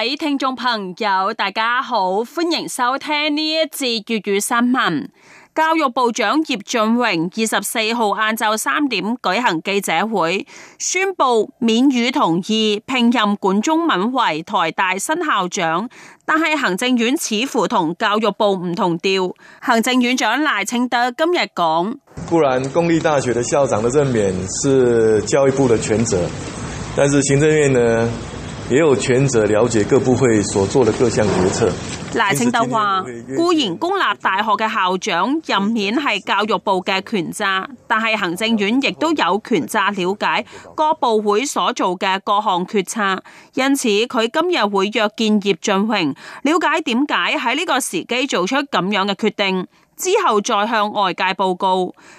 各位聽眾朋友，大家好，歡迎收聽呢一節粵語新聞。教育部長葉俊榮二十四號晏晝三點舉行記者會，宣布免予同意聘任管中閔為台大新校長。但係行政院似乎同教育部唔同調，行政院長賴清德今日講：固然公立大學的校長的任免是教育部的權責，但是行政院呢？也有權者了解各部會所做的各項決策。賴清德話：固然公立大學嘅校長任免係教育部嘅權責，但係行政院亦都有權責了解各部會所做嘅各項決策。因此，佢今日會約見葉俊榮，了解點解喺呢個時機做出咁樣嘅決定，之後再向外界報告。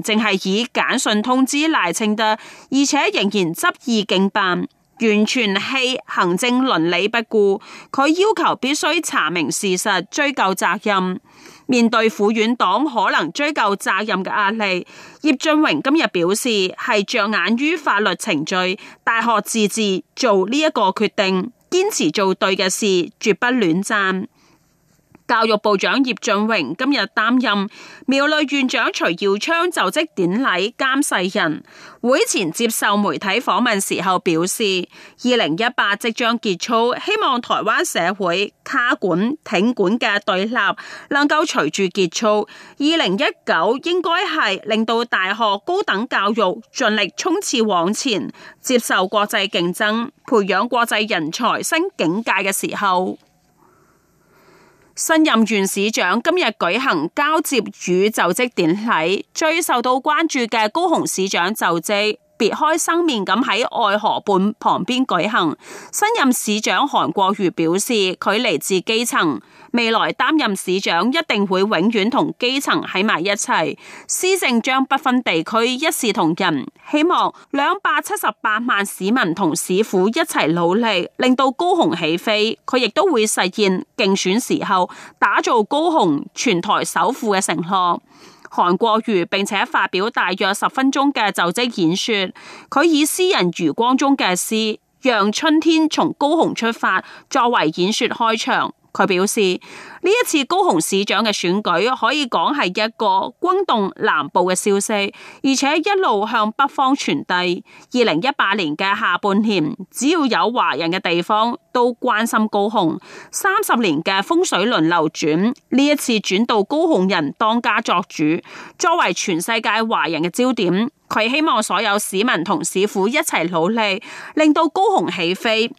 淨係以簡訊通知賴清德，而且仍然執意競辦，完全棄行政倫理不顧。佢要求必須查明事實，追究責任。面對府院黨可能追究責任嘅壓力，葉俊榮今日表示，係着眼於法律程序、大學自治做呢一個決定，堅持做對嘅事，絕不戀棧。教育部長葉俊榮今日擔任苗栗縣長徐耀昌就職典禮監誓人，會前接受媒體訪問時候表示，二零一八即將結束，希望台灣社會卡管挺管嘅對立能夠隨住結束。二零一九應該係令到大學高等教育盡力衝刺往前，接受國際競爭，培養國際人才新境界嘅時候。新任縣市長今日舉行交接與就職典禮，最受到關注嘅高雄市長就職，別開生面咁喺愛河畔旁邊舉行。新任市長韓國瑜表示，佢嚟自基層。未來擔任市長一定會永遠同基層喺埋一齊。施政將不分地區，一視同仁。希望兩百七十八萬市民同市府一齊努力，令到高雄起飛。佢亦都會實現競選時候打造高雄全台首富嘅承諾。韓國瑜並且發表大約十分鐘嘅就職演說，佢以詩人余光中嘅詩《讓春天從高雄出發》作為演說開場。佢表示，呢一次高雄市長嘅選舉可以講係一個轟動南部嘅消息，而且一路向北方傳遞。二零一八年嘅下半年，只要有華人嘅地方都關心高雄。三十年嘅風水輪流轉，呢一次轉到高雄人當家作主，作為全世界華人嘅焦點，佢希望所有市民同市府一齊努力，令到高雄起飛。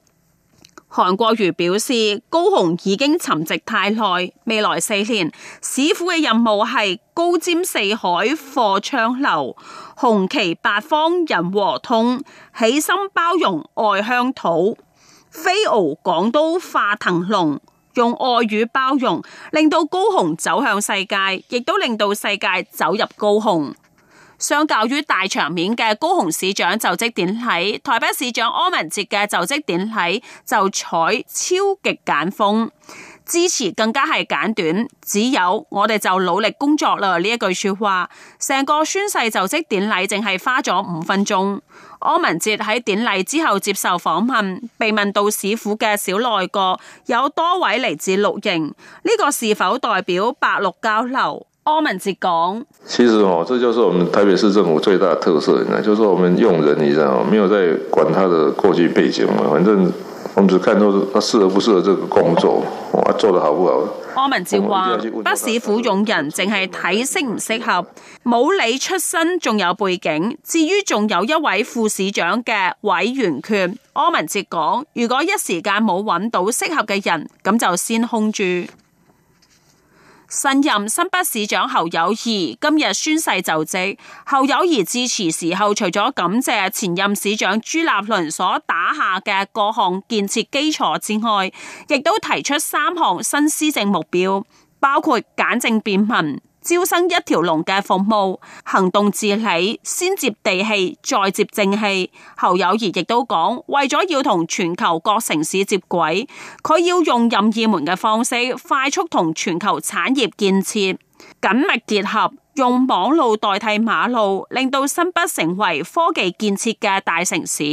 韓國瑜表示，高雄已經沉寂太耐，未來四年市府嘅任務係高瞻四海貨暢流，紅旗八方人和通，起心包容外鄉土，飛傲港都化騰龍，用愛與包容令到高雄走向世界，亦都令到世界走入高雄。相較於大場面嘅高雄市長就職典禮，台北市長柯文哲嘅就職典禮就採超極簡風，致詞更加係簡短，只有我哋就努力工作啦呢一句説話。成個宣誓就職典禮淨係花咗五分鐘。柯文哲喺典禮之後接受訪問，被問到市府嘅小內閣有多位嚟自綠營，呢、這個是否代表白綠交流？柯文哲講：其實哦，這就是我們台北市政府最大特色，你知道，就是我們用人，你知道，沒有在管他的過去背景嘛，反正我們只看中他適合不適合這個工作，我做得好不好。柯文哲話：北市府用人淨係睇適唔適合，冇理出身仲有背景。至於仲有一位副市長嘅委員權，柯文哲講：如果一時間冇搵到適合嘅人，咁就先空住。新任新北市長侯友宜今日宣誓就職。侯友宜致辭時候，除咗感謝前任市長朱立倫所打下嘅各項建設基礎之外，亦都提出三項新施政目標，包括簡政便民。招生一條龍嘅服務，行動治理先接地氣，再接正氣。侯友宜亦都講，為咗要同全球各城市接軌，佢要用任意門嘅方式，快速同全球產業建設緊密結合，用網路代替馬路，令到新北成為科技建設嘅大城市。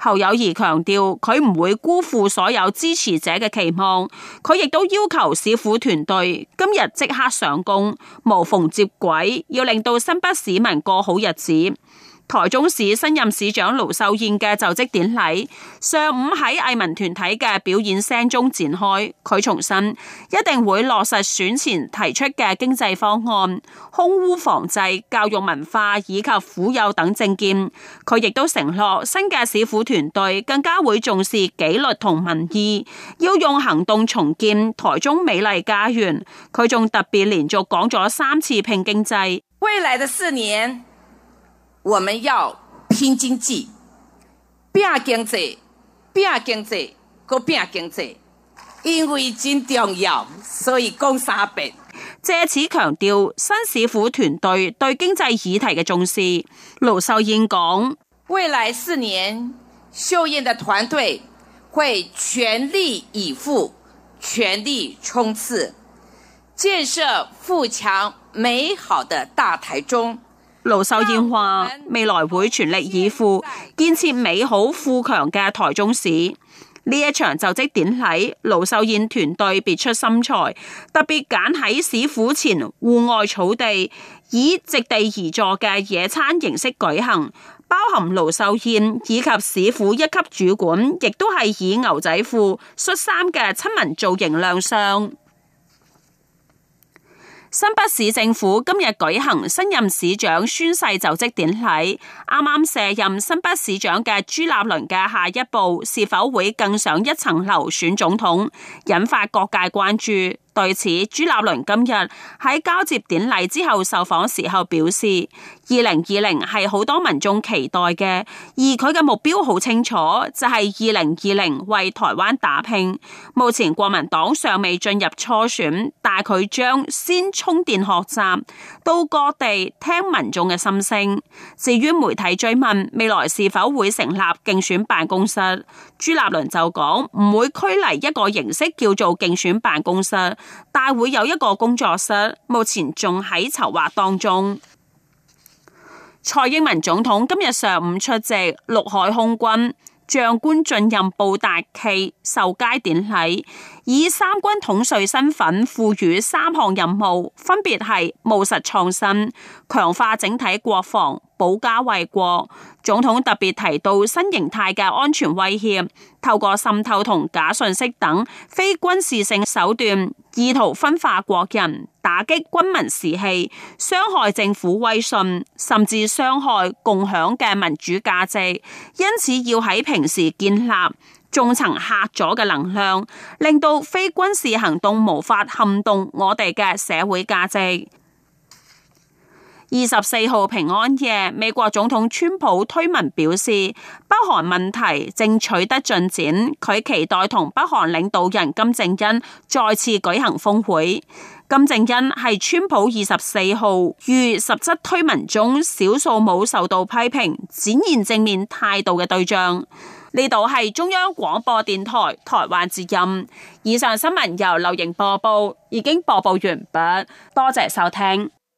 侯友宜強調，佢唔會辜負所有支持者嘅期望。佢亦都要求市府團隊今日即刻上工，無縫接軌，要令到新北市民過好日子。台中市新任市長盧秀燕嘅就職典禮上午喺藝文團體嘅表演聲中展開。佢重申一定會落實選前提出嘅經濟方案、空污防制、教育文化以及婦幼等政見，佢亦都承諾新嘅市府團隊更加會重視紀律同民意，要用行動重建台中美麗家園。佢仲特別連續講咗三次拼經濟。未來的四年。我們要拼經濟、拼經濟、拼經濟和拼經，經濟，因為真重要，所以講三遍。借此強調新市府團隊對，對經濟議題的重視，盧秀燕講：未來四年，秀燕的團隊會全力以赴、全力衝刺，建設富強美好的大台中。盧秀燕話：未來會全力以赴建設美好富強嘅台中市。呢一場就職典禮，盧秀燕團隊別出心裁，特別揀喺市府前戶外草地，以席地而坐嘅野餐形式舉行，包含盧秀燕以及市府一級主管，亦都係以牛仔褲、恤衫嘅親民造型亮相。新北市政府今日舉行新任市長宣誓就職典禮。啱啱卸任新北市長嘅朱立倫嘅下一步是否會更上一層樓，選總統，引發各界關注。對此，朱立倫今日喺交接典禮之後受訪時候表示，二零二零係好多民眾期待嘅，而佢嘅目標好清楚，就係二零二零為台灣打拼。目前國民黨尚未進入初選，但佢將先充電學習，到各地聽民眾嘅心聲。至於媒體追問未來是否會成立競選辦公室，朱立倫就講唔會拘泥一個形式叫做競選辦公室。大會有一個工作室，目前仲喺籌劃當中。蔡英文總統今日上午出席陸海空軍將官晉任布達暨授階典禮。以三軍統帥身份賦予三項任務，分別係務實創新、強化整體國防、保家衛國。總統特別提到新型態嘅安全威脅，透過滲透同假信息等非軍事性手段，意圖分化國人、打擊軍民士氣、傷害政府威信，甚至傷害共享嘅民主價值。因此，要喺平時建立。重層嚇阻嘅能量，令到非軍事行動無法撼動我哋嘅社會價值。二十四號平安夜，美國總統川普推文表示，北韓問題正取得進展，佢期待同北韓領導人金正恩再次舉行峰會。金正恩係川普二十四號於實質推文中少數冇受到批評，展現正面態度嘅對象。呢度係中央廣播電台台灣之音，以上新聞由劉瑩播報，已經播報完畢，多謝收聽。